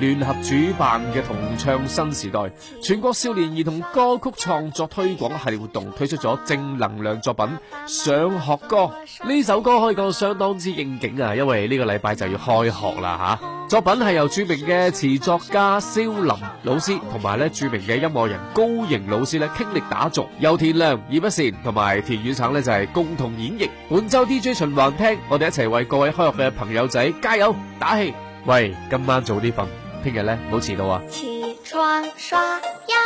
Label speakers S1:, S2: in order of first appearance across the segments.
S1: 聯合主辦嘅同唱新時代全國少年兒童歌曲創作推廣系列活動推出咗正能量作品《上學歌》，呢首歌可以講相當之應景啊，因為呢個禮拜就要開學啦吓。作品係由著名嘅詞作家蕭林老師同埋咧著名嘅音樂人高盈老師咧傾力打造，由田亮、葉不善同埋田雨橙咧就係共同演繹。本周 DJ 循環聽，我哋一齊為各位開學嘅朋友仔加油打氣。喂，今晚早啲瞓。日咧，唔好遲到啊！起，
S2: 起床刷牙，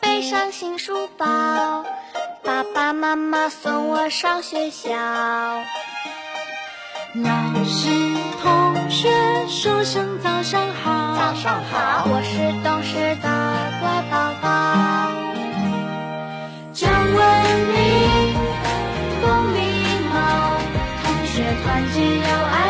S2: 背上新書包，爸爸媽媽送我上學校。老師同學說聲早上好，早上好，我是懂事的乖寶寶，講文明，懂禮貌，同學團結友愛。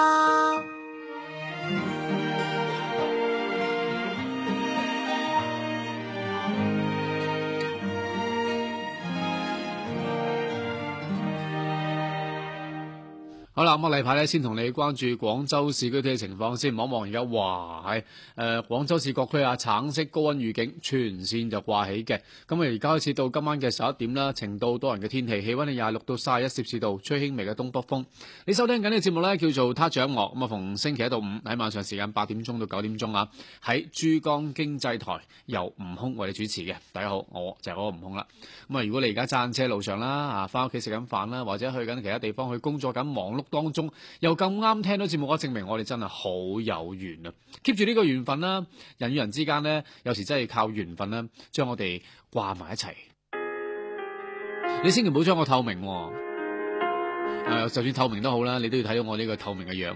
S1: 好啦，咁啊，例牌咧，先同你關注廣州市區啲嘅情況先，望一望而家，哇，係誒，廣州市各區啊，橙色高温預警全線就掛起嘅。咁啊，而家開始到今晚嘅十一點啦，晴到多雲嘅天氣，氣温係廿六到卅一攝氏度，吹輕微嘅東北風。你收聽緊呢節目呢，叫做他掌樂。咁啊，我逢星期一到五喺晚上時間八點鐘到九點鐘啊，喺珠江經濟台由悟空為你主持嘅。大家好，我就係個悟空啦。咁啊，如果你而家揸車路上啦，啊，翻屋企食緊飯啦，或者去緊其他地方去工作緊忙碌。當中又咁啱聽到節目，我證明我哋真係好有緣啊！keep 住呢個緣分啦，人與人之間呢，有時真係靠緣分啦，將我哋掛埋一齊。 你千祈唔好將我透明喎，哦呃，就算透明都好啦，你都要睇到我呢個透明嘅樣。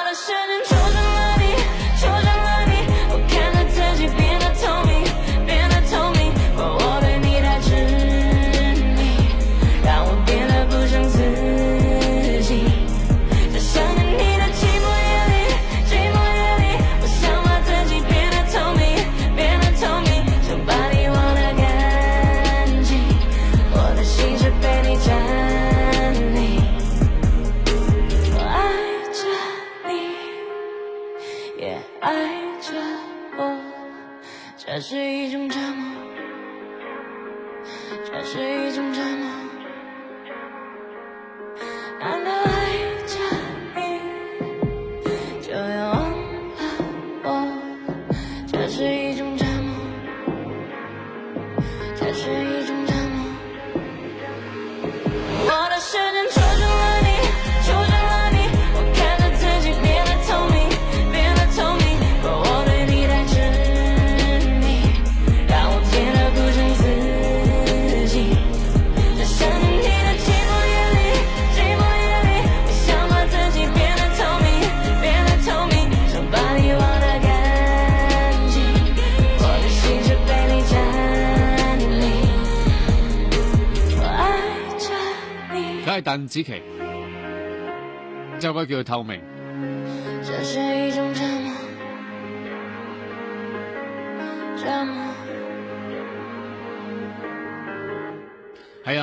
S1: 鄧紫棋，應該 叫做透明。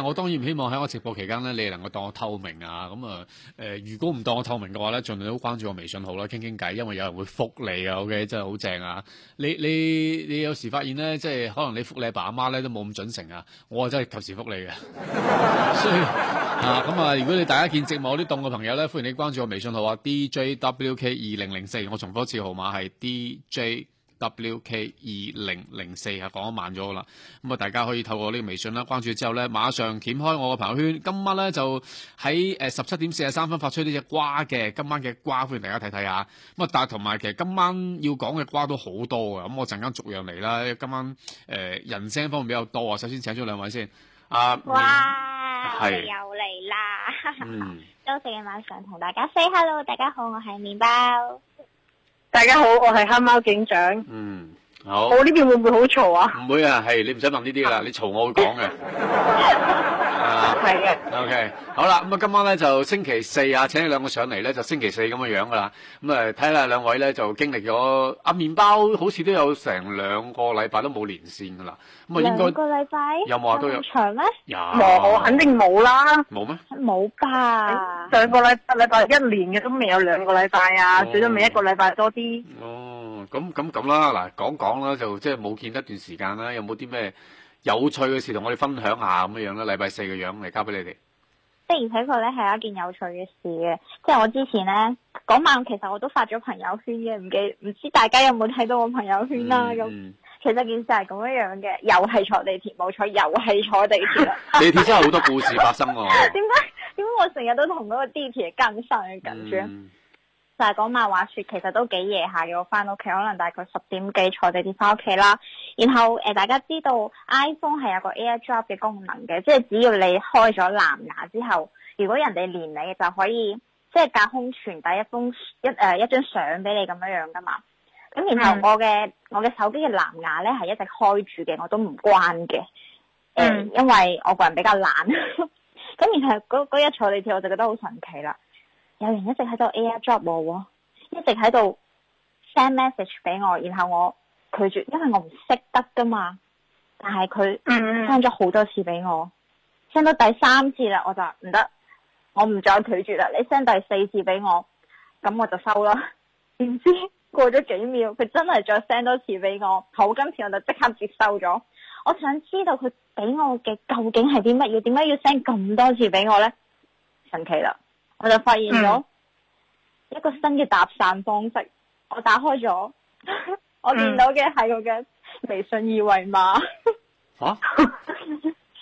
S1: 我當然唔希望喺我直播期間呢，你哋能夠當我透明啊！咁、嗯、啊，誒、呃，如果唔當我透明嘅話呢，盡量都關注我微信號啦，傾傾偈，因為有人會覆你啊！OK，真係好正啊！你你你有時發現呢，即、就、係、是、可能你覆你阿爸阿媽呢都冇咁準成 啊！我啊真係及時覆你嘅，所以啊，咁、嗯、啊、呃，如果你大家見寂寞啲凍嘅朋友呢，歡迎你關注我微信號啊，DJWK 二零零四，4，我重複一次號碼係 DJ。WK 二零零四啊，講得、e、慢咗啦。咁啊，大家可以透過呢個微信啦，關注之後咧，馬上掀開我嘅朋友圈。今晚咧就喺誒十七點四十三分發出呢隻瓜嘅，今晚嘅瓜歡迎大家睇睇啊。咁啊，但係同埋其實今晚要講嘅瓜都好多嘅。咁我陣間逐樣嚟啦。今晚誒人聲方面比較多，啊。首先請咗兩位先。啊，哇，係、嗯、又嚟啦！是
S3: 嗯、多謝晚上同大家 say hello，大家好，我係麵包。大家好，我係黑貓
S4: 警長。嗯，好。我呢邊會唔會好嘈啊？唔
S1: 會啊，係你唔使問呢啲噶啦，你嘈 我會講嘅。 係嘅。OK，好啦，咁啊，今晚咧就星期四啊，請你兩個上嚟咧，就星期四咁嘅樣噶啦。咁啊，睇下兩位咧就經歷咗阿麵包，好似都有成兩個禮拜都冇連線噶啦。咁啊，應該兩個
S3: 禮拜有冇話？都有長咩？有冇？肯定冇啦。
S4: 冇咩？冇吧。上個禮禮拜一年嘅，都未有兩個禮拜啊，最多咪一個禮拜多啲。
S1: 哦，咁咁咁啦，嗱，講講啦，就即係冇見得一段時間啦，有冇啲咩？有趣嘅事同我哋分享下咁樣樣啦，禮拜四嘅樣嚟交俾你哋。
S3: 的而且確咧係一件有趣嘅事嘅，即係我之前咧嗰晚其實我都發咗朋友圈嘅，唔記唔知大家有冇睇到我朋友圈啦、啊、咁。嗯、其實這件事係咁樣樣嘅，又係坐地鐵冇錯，又係坐地鐵啦。 坐地鐵 真係好多故事發生噶。點解？ 點解我成日都同嗰個地鐵更新嘅緊張？嗯就係講漫畫書，其實都幾夜下嘅。我返屋企可能大概十點幾坐地鐵返屋企啦。然後誒、呃，大家知道 iPhone 係有個 AirDrop 嘅功能嘅，即係只要你開咗藍牙之後，如果人哋連你就可以即係隔空傳遞一封一誒、呃、一張相俾你咁樣樣㗎嘛。咁然後我嘅、嗯、我嘅手機嘅藍牙咧係一直開住嘅，我都唔關嘅。誒、嗯，嗯、因為我個人比較懶。 咁然後嗰日坐地鐵我就覺得好神奇啦。有人一直喺度 air drop 我，一直喺度 send message 俾我，然後我拒絕，因為我唔識得噶嘛。但係佢 send 咗好多次畀我，send 到第三次啦，我就話唔得，我唔再拒絕啦。你 send 第四次畀我，咁我就收啦。唔知過咗幾秒，佢真係再 send 多次畀我，好，今次我就即刻接收咗。我想知道佢畀我嘅究竟係啲乜嘢？點解要 send 咁多次畀我呢？神奇啦！我就發現咗一個新嘅搭訕方式。我打開咗，我見到嘅係佢嘅微信二維碼。
S4: 吓？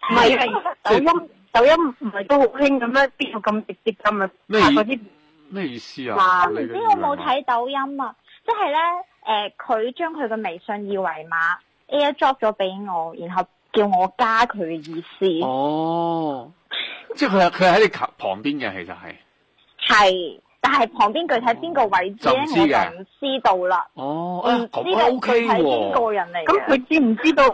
S4: 唔係抖音，抖音唔係都好興嘅咩？必要咁直接咁啊？咩意思？咩意思啊？我唔知我冇睇
S3: 抖音啊，即係咧誒，佢將佢嘅微信二維碼 air drop 咗俾我，然後叫我加佢嘅意思。哦，即
S1: 係佢佢喺你旁旁邊嘅，其實係。
S3: 係，但係旁邊具體邊個位置咧，就唔知道啦。
S1: 我就唔知道啦哦，唔、哎、知道具體邊
S3: 個人嚟。咁佢知唔知道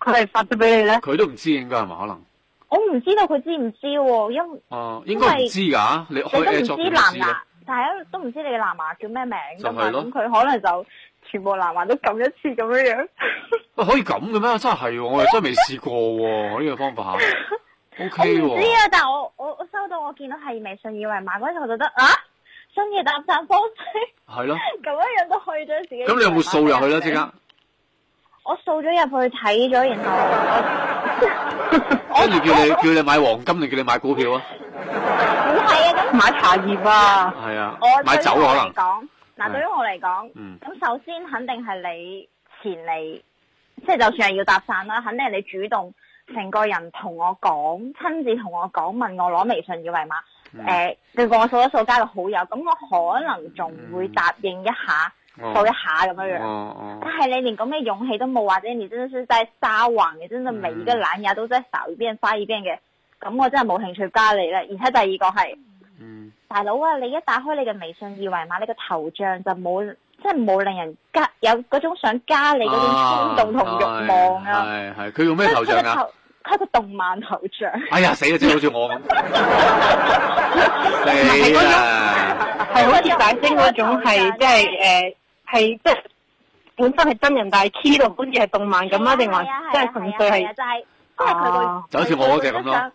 S1: 佢係發咗俾你咧？佢都唔知應該係嘛？可能
S3: 我唔知道佢知唔知道，因哦、啊、
S1: 應該唔知噶。你你都唔知道藍牙，
S3: 道但係都唔知道你嘅藍牙叫咩名噶嘛？咁佢可能就全部藍牙都撳一次咁樣樣。
S1: 喂、 啊，可以咁嘅咩？真係係、哦，我哋真係未試過喎、哦、呢、這個方法。 Okay 我唔知道啊，
S3: 但我我我收到，我見到係微信，以為買嗰時候我就覺得啊，新嘅搭訕方式係咯，咁樣是的 樣都去咗自己。咁你有冇掃入去咧？即刻，我掃咗入去睇咗，然後
S1: 跟住 叫你叫你買黃金，定叫你買股票
S4: 啊？
S3: 唔係啊，咁買茶葉啊？係啊，
S4: 買酒可能。
S3: 講嗱，對於我嚟講，咁、嗯、首先肯定係你前嚟，即、就、係、是、就算係要搭訕啦，肯定係你主動。成個人同我講，親自同我講，問我攞微信二維碼，你叫、嗯呃、我掃一掃加個好友，咁我可能仲會答應一下，嗯、掃一下咁樣、嗯、樣。但係你連咁嘅勇氣都冇，或者你真係真在撒網，你、嗯、真的每一個男人都真掃一遍、發一遍嘅，咁我真係冇興趣加你啦。而且第二個係，嗯、大佬啊，你一打開你嘅微信二維碼，你個頭像就冇。真係冇令人加有嗰種想加你嗰種衝動同欲望啊！係，
S1: 係佢用咩頭像啊？哎，
S3: 佢個個動漫頭像。哎呀，死
S1: 啦！即係好似我
S4: 咁，係啊，係好似反星嗰種，係即係誒，係即係本身係真人，但係黐到，甚至係動漫咁啊？定
S3: 話即係純粹係，都係佢個，就好似我嗰隻咁咯。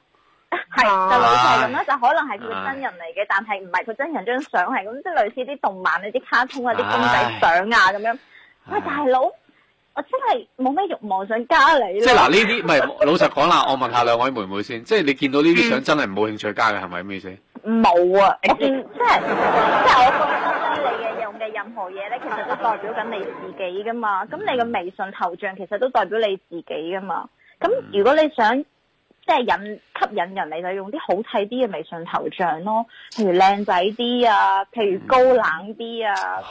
S3: 係就老實咁啦，就可能係佢真人嚟嘅，但係唔係佢真人張相係咁，即係類似啲動漫啊、啲卡通啊、啲公仔相啊咁樣。喂，大佬，我真係冇咩欲望想加你。即係嗱呢
S1: 啲，唔係老實講啦，我問下兩位妹妹先，即係你見到呢啲相真係冇興趣加嘅，係咪咩意思？冇啊，我見即係
S3: 即係我覺得你嘅用嘅任何嘢咧，其實都代表緊你自己噶嘛。咁你嘅微信頭像其實都代表你自己噶嘛。咁如果你想。即係，引，吸引人嚟就用啲好睇啲嘅微信頭像咯，譬如靚仔啲啊，譬如高冷啲啊，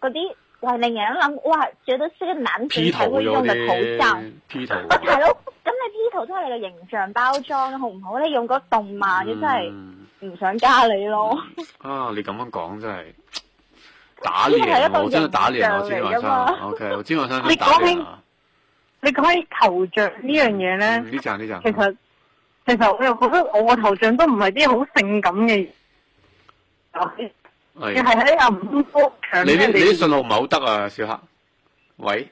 S3: 嗰啲喂令人諗哇，最多識個冷。P 圖嗰啲。P 圖。係咯，咁你 P 圖都係你個形象包裝，好唔好？你用嗰動漫嘅真係唔想加你咯。
S1: 啊，你咁樣講真係打臉，我真係打臉啊！我今晚上，OK，我今晚上真係打臉
S3: 啊！你
S4: 講起頭像呢樣嘢咧，呢站呢站，嗯、其實、嗯、其實我又覺得我個頭像都唔係啲好性感嘅，係
S1: 的，
S4: 你係喺阿吳叔？你啲你啲信
S1: 號唔係好得啊，小黑，喂，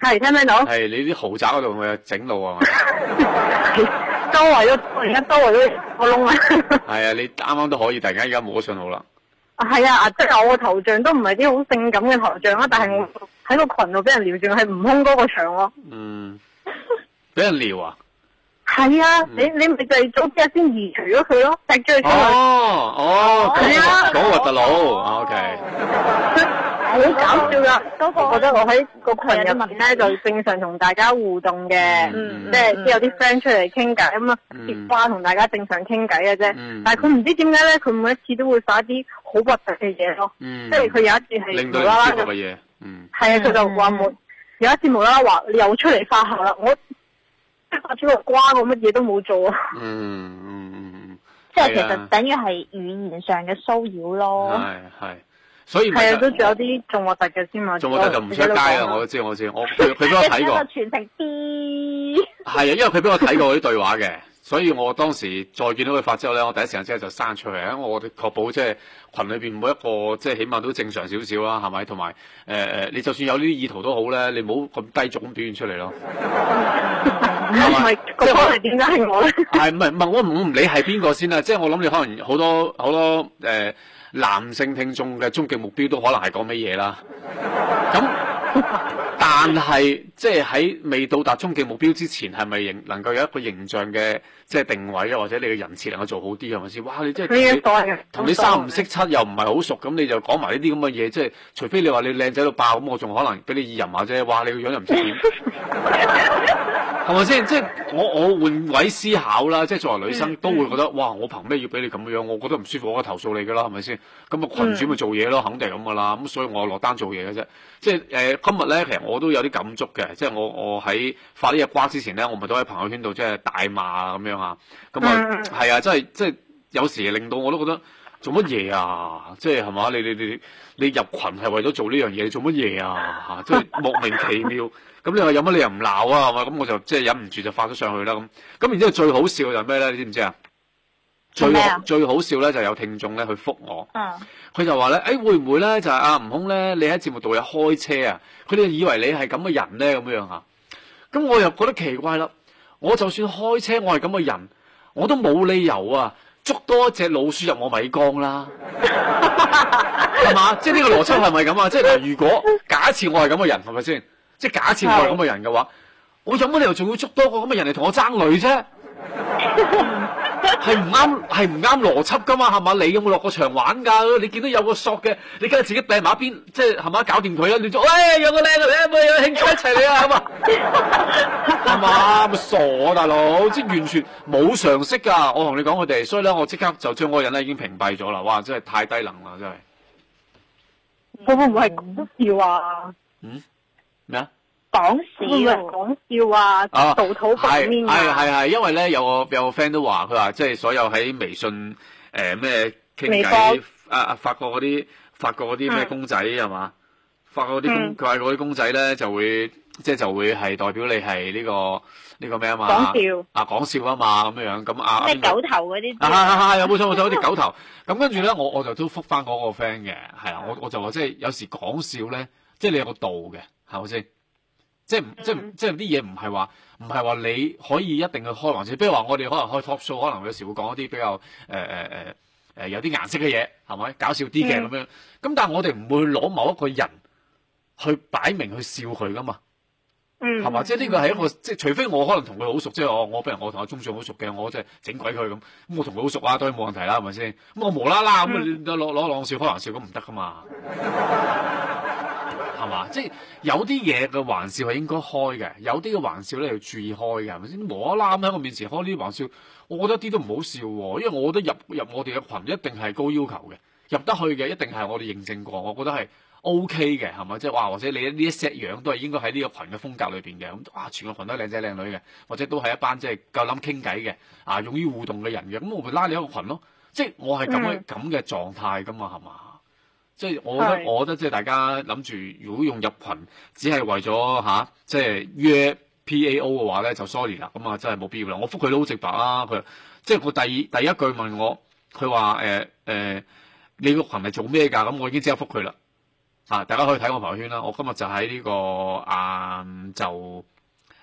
S4: 係聽唔聽到？係
S1: 你啲豪宅嗰度有整路啊？是是
S4: 周圍都而家周圍都個窿
S1: 啊！係 啊，你啱啱都可以，突然間而家冇咗信號啦。
S4: 係啊，即、就、係、是、我個頭像都唔係啲好性感嘅頭像啊，但係我。 喺個群度俾人撩住，係悟空哥個場咯。嗯，
S1: 俾人撩
S4: 啊？係 啊，嗯、你你咪就係早啲啊，先移除咗佢咯，踢出去先。哦
S1: 哦，係啊，講核突佬，OK。
S4: 好搞笑噶！我覺得我喺個群入面咧就正常同大家互動嘅，即係有啲 friend 出嚟傾偈，咁啊貼花同大家正常傾偈嘅啫。但係佢唔知點解咧，佢每一次都會發一啲好核突嘅嘢咯。即係佢有一次係無啦啦嘅，係啊！佢就話冇，有一次無啦啦話你又出嚟
S3: 發下啦，我發咗個瓜，我乜嘢都冇做啊！即係其實等於係語言上嘅騷擾咯。係係。
S1: 所以係啊，都
S3: 有仲有啲仲核突嘅先嘛，仲核突就唔出街啦！我都
S1: 知我知，我佢佢俾我睇過。全程啲係啊，因為佢俾我睇過啲對話嘅， 所以我當時再見到佢發之後咧，我第一時間即係就刪出去，因為我哋確保即係群裏邊每一個即係起碼都正常少少啦，係咪？同埋誒誒，你就算有呢啲意圖都好咧，你唔好咁低俗咁表現出嚟咯。係
S4: 咪 吧？咁
S1: 係點解係我咧？係唔係？唔係我唔理係邊個先啦。即係我諗你可能好多好多誒。呃男性聽眾嘅終極目標都可能係講乜嘢啦，咁但係即係喺未到達終極目標之前，係咪能夠有一個形象嘅即係定位啊？或者你嘅人設能夠做好啲係咪先？哇！你真係同你，你，你三唔識七很又唔係好熟，咁你就講埋呢啲咁嘅嘢，即係除非你話你靚仔到爆，咁我仲可能俾你意淫或者話你個樣又唔知點。 係咪先？即係我我換位思考啦，即係作為女生都會覺得，嗯嗯、哇！我憑咩要俾你咁樣？我覺得唔舒服，我該投訴你噶啦，係咪先？咁啊，群主咪做嘢咯，肯定係咁噶啦。咁所以我落單做嘢嘅啫。即係、呃、今日咧，其實我都有啲感觸嘅。即係我我喺發呢隻瓜之前咧，我咪都喺朋友圈度即係大罵咁樣嚇。咁啊，係、嗯、啊，即係即係有時令到我都覺得。做乜嘢啊？即係係嘛？你你你你入群係為咗做呢樣嘢？你做乜嘢啊？即係莫名其妙。咁 你話有乜理由唔鬧啊？咁我就即係忍唔住就發咗上去啦。咁咁然之後最好笑就係咩咧？你知唔知啊？麼最最好笑咧就有聽眾咧去覆我。佢、啊、就話咧：，誒、哎，會唔會咧就係阿悟空咧？你喺節目度有開車啊？佢哋以為你係咁嘅人咧，咁樣樣啊？咁我又覺得奇怪啦。我就算開車，我係咁嘅人，我都冇理由啊。捉多一隻老鼠入我米缸啦 係嘛？即係呢個邏輯係咪咁啊？即係如果假設我係咁嘅人，係咪先？即係 假設我係咁嘅人嘅話，我有乜理由仲要捉多個咁嘅人嚟同我爭女啫？ 係唔啱，係唔啱邏輯噶嘛，係嘛？你有冇落過場玩噶？你見到有個索嘅，你梗係自己掟埋一邊，即係，係嘛？搞掂佢啦！你做，喂、哎，有個靚嘅，有個有個你有冇興趣一齊嚟啊？係嘛？係嘛？ 咁傻啊，大佬！即係完全冇常識噶，我同你講佢哋。所以咧，我即刻就將嗰個人咧已經屏蔽咗啦。哇！真係太低能啦，真係。
S4: 佢唔係都笑啊？
S1: 嗯？咩啊？
S4: 講笑，講笑啊！啊，
S1: 道土方面係係係，因為咧有個有個 friend 都話，佢話即係所有喺微信誒咩傾偈啊發過嗰啲，發過啲咩公仔係嘛？發過嗰啲公，佢話啲公仔咧就會即係就，就會係代表你係呢個呢個咩 啊講笑嘛？講笑啊，講笑啊嘛，咁樣樣咁啊！即係狗頭嗰
S3: 啲，係係
S1: 係，有冇錯，冇錯啲狗頭咁，跟住咧我我就都覆翻嗰個 friend 嘅，係啊，我我就話即係有時講笑咧，即係你有個道嘅係咪先？即係，即係，即係啲嘢，唔係話，唔係話你可以一定去開玩笑。比如話我哋可能開 talk show，可能有時會講一啲比較，誒誒誒，誒、呃、有啲顏色嘅嘢，係咪？搞笑啲嘅咁樣。咁但係我哋唔會攞某一個人去擺明去笑佢噶嘛。
S2: 係係嘛？嗯、即係呢個係一個，
S1: 即係除非我可能同佢好熟，即係我，我譬如我同阿鍾少好熟嘅，我即係整鬼佢咁。咁我同佢好熟啊，當然冇問題啦，係咪先？咁、嗯、我無啦啦咁攞攞笑開玩笑咁唔得噶嘛。 即係有啲嘢嘅玩笑係應該開嘅，有啲嘅玩笑咧要注意開嘅，係咪先？無啦啦喺我面前開呢啲玩笑，我覺得一啲都唔好笑喎。因為我覺得入入我哋嘅群一定係高要求嘅，入得去嘅一定係我哋認證過，我覺得係 OK 嘅，係咪？即係哇，或者你呢一 set 樣都係應該喺呢個群嘅風格裏邊嘅咁哇，全個群都係靚仔靚女嘅，或者都係一班即係夠霖傾偈嘅啊，用於互動嘅人嘅咁，我咪拉你一個群咯。即係我係咁樣咁嘅狀態㗎嘛，係嘛、嗯？即係我覺得，是我覺得即係大家諗住，如果用入群只，只係為咗嚇，即係約 P A O 嘅話咧，就 sorry 啦，咁啊真係冇必要啦。我覆佢都好直白啦、啊，佢即係佢第二第一句問我，佢話誒誒，你個群係做咩㗎？咁我已經即刻覆佢啦。啊，大家可以睇我朋友圈啦。我今日就喺呢、這個晏、啊、就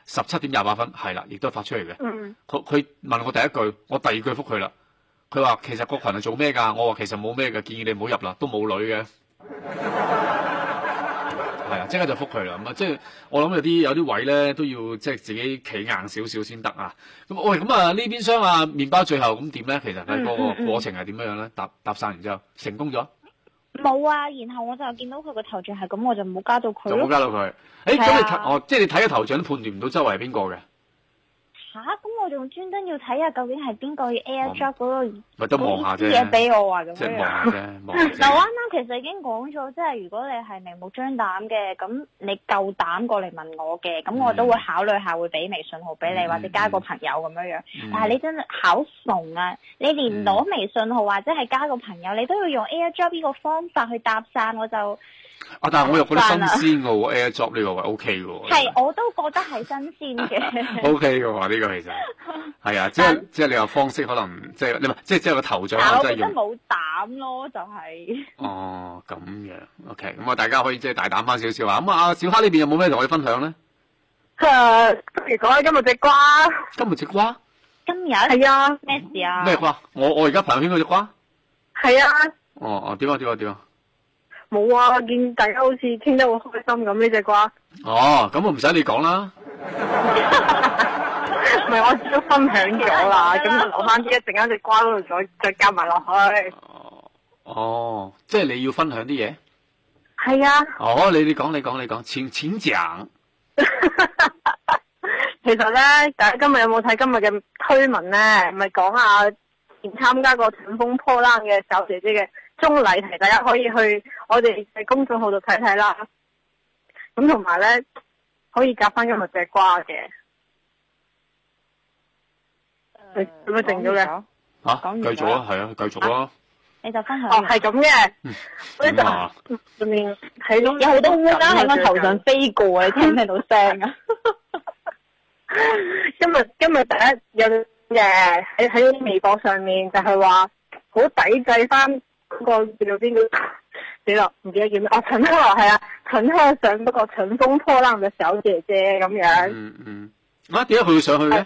S1: 十七點廿八分，係啦，亦都係發出嚟嘅。佢佢、嗯、問我第一句，我第二句覆佢啦。佢話其實個群係做咩㗎？我話其實冇咩㗎，建議你唔好入啦，都冇女嘅。係 啊，即刻就覆佢啦。咁、嗯、啊，即、就、係、是、我諗有啲有啲位咧，都要即係自己企硬少少先得啊。咁喂，咁啊呢邊箱啊麵包最後咁點咧？嗯嗯、其實係嗰個過程係點樣樣咧？搭搭訕完之後成功咗？冇啊，然
S3: 後我就見到佢個頭
S1: 像係咁，是我就冇加到佢。就冇加到佢。誒、欸，咁你睇即係你睇個頭像判斷唔到周圍係邊個嘅？嗯嗯嗯嗯嗯嗯嗯
S3: 吓咁，啊、我仲專登要睇下究竟係邊個 Air、嗰個 AirDrop 嗰個
S4: 啲嘢俾我啊？咁樣即係
S3: 望啱啱其實已經講咗，即、就、係、是、如果你係明目張膽嘅，咁你夠膽過嚟問我嘅，咁我都會考慮下會俾微信號俾你、嗯、或者加個朋友咁樣樣。嗯嗯、但係你真係好慫啊！你連攞微信號或者係加個朋友，嗯、你都要用 AirDrop 呢個方法去搭訕，我就。啊！但係我又覺得新鮮
S1: 嘅喎，AirDrop 呢個位 O K 嘅喎。係、
S3: okay，我都覺
S1: 得係新鮮嘅、 okay 啊。O K 嘅話，呢
S3: 個
S1: 其實係 啊，即係但 即係你話方式可能即係你唔即係即係個頭像真的。但係我覺得
S3: 冇膽咯，就係、是。
S1: 哦，咁樣，O K，咁啊，大家可以即係大膽翻少少啊。咁啊，小黑呢邊有冇咩同我哋分享咧？誒，
S4: 不如講下今日隻瓜。
S1: 今日隻瓜？今日
S4: 係啊，咩
S1: 事啊？咩瓜？我我而家朋友圈嗰隻瓜。
S4: 係啊。
S1: 哦哦，點啊點啊點啊！
S4: 冇啊！我見大家好似傾得好開心咁，呢隻瓜。
S1: 哦，咁我唔使你講啦。
S4: 唔係 我分享咗啦，咁就留翻啲，一陣間隻瓜嗰度再再加埋落
S1: 去哦。哦，即係你要分享啲嘢。
S4: 係啊。
S1: 哦，你你講你講你講，淺淺井。
S4: 其實咧，大家今日有冇睇今日嘅推文咧？唔係講下，前參加過乘風破浪嘅小姐姐嘅。中禮題大家可以去我哋喺公眾號度睇睇啦，咁同埋咧可以夾翻一粒隻瓜嘅，
S3: 咁佢咪停咗
S1: 嘅吓，繼續啊，
S3: 係啊，繼續啦、啊，你就分去！哦，係咁
S4: 嘅，嗯啊、我就睇到有好多烏鴉喺我頭上飛過 你啊，聽唔聽到聲啊？今日今日第一日嘅喺喺微博上面就係話好抵制翻。嗰個叫邊個？死啦唔記得叫咩？哦，陳浩係啊，陳浩上嗰個《乘風破浪嘅小姐姐》咁樣。嗯
S2: 嗯。啊，點解佢要上去嘅？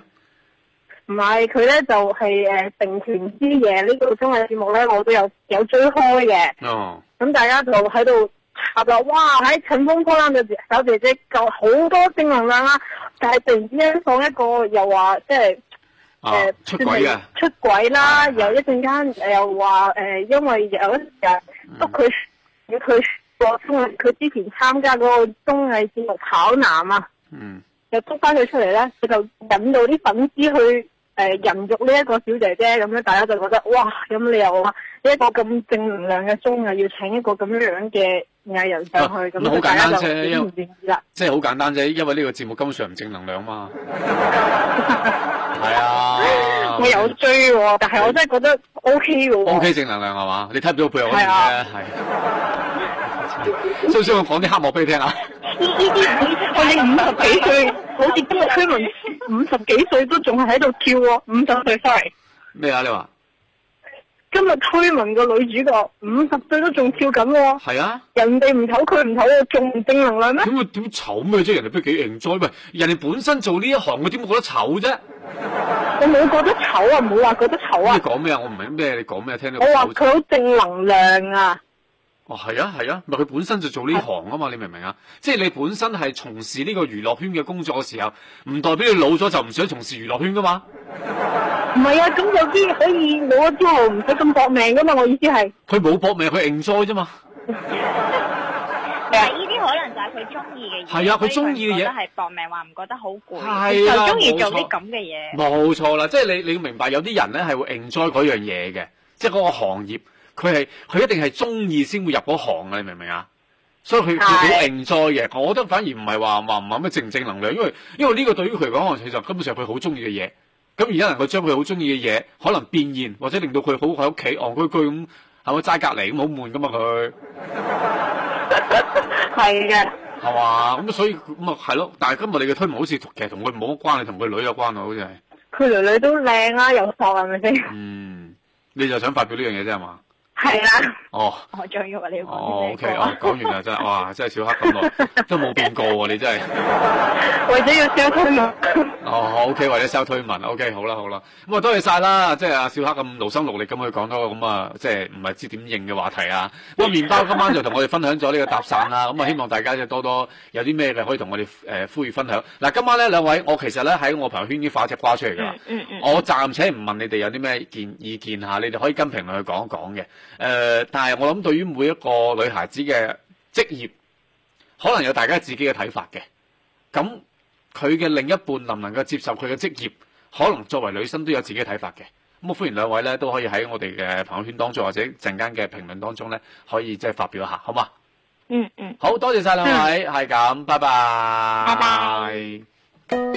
S4: 唔係，佢咧就係誒成團之夜呢個綜藝節目咧，我都有有追開嘅。哦。咁大家就喺度插啦，哇！喺《乘風破浪嘅小姐姐》就好多正能量啦，但係突然之間放一個又話即係。就是誒、啊，出軌嘅、啊，出軌啦，又、啊、一陣間又話誒、呃，因為有一日督佢要佢綜藝，佢、嗯、之前參加嗰個綜藝節目跑男啊，嗯，又督翻佢出嚟咧，佢就引到啲粉絲去誒，人肉呢一個小姐姐咁樣、嗯，大家就覺得哇，咁你又話呢一個咁正能量嘅綜藝要請一個咁樣樣嘅。上去咁好、啊啊、簡單啫，因
S1: 即係好簡單啫，因為呢個節目根本上唔正能量嘛。
S4: 係 啊。Okay, 我有追喎、哦，但係我真係覺得 OK
S1: 喎、哦。OK 正能量係嘛？你睇唔到我配合嘅嘢咧，係、 啊。需唔需要講啲黑幕俾你聽啊？呢
S4: 啲 我五十幾歲，好似今日區文五十幾歲都仲係喺度跳喎、哦，五十歲 sorry 咩啊你話？今日推文個女主角五十歲都仲跳緊、啊、喎，係啊，啊，人哋唔醜，佢唔醜仲唔正能量咩？點佢點醜咩啫？
S1: 人哋都幾型裝，喂，人哋本身做呢一行，我點會覺得醜啫、啊啊啊啊？我冇覺得醜啊，唔好話覺得醜啊。你講咩啊？我唔明咩？你講咩？聽你我話佢
S4: 好正能量啊！
S1: 哦，係啊，係啊，咪佢、啊、本身就做呢行的是啊嘛，你明唔明啊？即係你本身係從事呢個娛樂圈嘅工作嘅時候，唔代表你老咗就唔想從事娛樂圈噶嘛。
S4: 唔係啊，咁有啲可以，我之後唔使咁搏命噶嘛。我意思係。
S1: 佢冇搏命，佢 enjoy 啫嘛。呢啲可能就
S3: 係佢中意嘅嘢。係啊，佢中意嘅嘢。佢佢覺得係搏命，話唔覺得好攰，就中意做啲
S1: 咁嘅嘢。冇錯，錯啦，即係你你要明白，有啲人咧係會 enjoy 嗰樣嘢嘅，即係嗰個行業。佢係佢一定係中意先會入嗰行嘅，你明唔明啊？所以佢佢好 enjoy 嘅。我覺得反而唔係話話唔係咩正正能量，因為因為呢個對於佢嚟講，其實根本上係佢好中意嘅嘢。咁而家能夠將佢好中意嘅嘢可能變現，或者令到佢好喺屋企戇居居咁，係咪齋隔離咁好悶㗎嘛？佢係嘅。係嘛？咁所以咁啊係咯。但係今日你嘅推文好似其實同佢冇乜關係，同佢女有關啊，好似係。佢女
S4: 女都靚啊，又瘦係咪先？
S1: 嗯，你就想發表呢樣嘢啫係嘛？係啦。是啊、
S3: 哦，我仲
S1: 要為你問。哦，O K，哦，講、okay, 哦、完啦，真係哇，真係小黑咁耐，都冇變過喎，你真係。
S3: 或者、 哦、要
S4: show
S1: 推文。哦，O K，或者 show 推文，O、okay, K，好啦好啦，咁、嗯、啊，多謝晒啦，即係啊，小黑咁勞心勞力咁去講多個咁啊，即係唔係知點應嘅話題啊。咁啊，麵包今晚就同我哋分享咗呢個搭訕啦，咁啊，希望大家即多多有啲咩嘅可以同我哋誒呼籲分享。嗱，今晚咧兩位，我其實咧喺我朋友圈已經發隻瓜出嚟噶啦。我暫且唔問你哋有啲咩建意見吓，你哋可以跟評論去講一講嘅。嗯嗯嗯嗯誒、呃，但係我諗對於每一個女孩子嘅職業，可能有大家自己嘅睇法嘅。咁佢嘅另一半能唔能夠接受佢嘅職業，可能作為女生都有自己嘅睇法嘅。咁啊，歡迎兩位呢，都可以喺我哋嘅朋友圈當中，或者陣間嘅評論當中呢，可以即係發表一下，好嘛、嗯？嗯
S2: 嗯，好多謝晒兩位，
S1: 係咁，拜拜，拜拜。